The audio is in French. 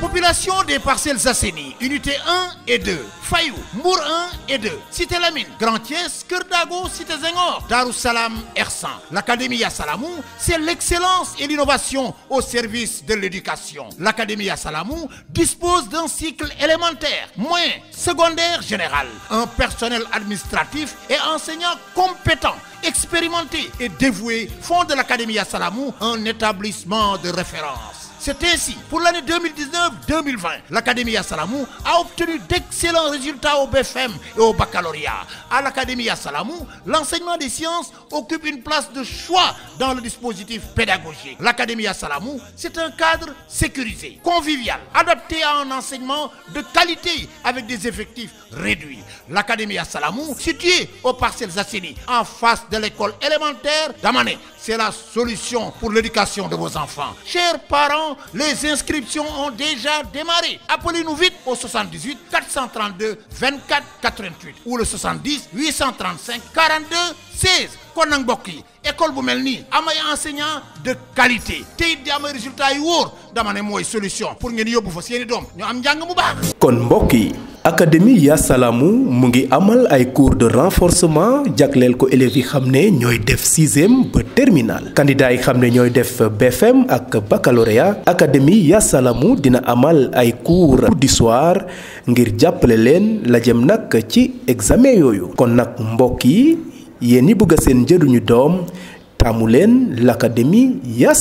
Population des parcelles assenies unité 1 et 2. Fayou, Mour 1 et 2. Cité Lamine, Grand Thiès, Kerdago, Cité Zengor, Darussalam, Ersan. L'Académie Salamou, c'est l'excellence et l'innovation au service de l'éducation. L'Académie Salamou dispose d'un cycle élémentaire, moins secondaire général, un personnel administratif et enseignant compétent, expérimenté et dévoué font de l'Académie Salamou un établissement de référence. C'est ainsi, pour l'année 2019-2020, l'Académie Assalamou a obtenu d'excellents résultats au BFM et au baccalauréat. À l'Académie Assalamou, l'enseignement des sciences occupe une place de choix dans le dispositif pédagogique. L'Académie Assalamou, c'est un cadre sécurisé, convivial, adapté à un enseignement de qualité avec des effectifs réduits. L'Académie Assalamou, située au parcelles Zassini, en face de l'école élémentaire d'Amané, c'est la solution pour l'éducation de vos enfants. Chers parents, les inscriptions ont déjà démarré. Appelez-nous vite au 78 432 24 88 ou le 70 835 42 16. kon école bu enseignant de qualité T'es di résultat et wóor dama solution pour que vous fa ñu Akademi ya salamu mu amal ay cours de renforcement jaklel ko hamne yi xam ñoy def 6e ba terminal candidat yi xam ñoy def BFM ak baccalauréat Akademi ya salamu dina amal ay cours du soir ngir jappelé len la jëm nak ci examen yoyu kon nak mbokk yi yeen ñi bëgg seen jëduñu doom tamulen l'académie ya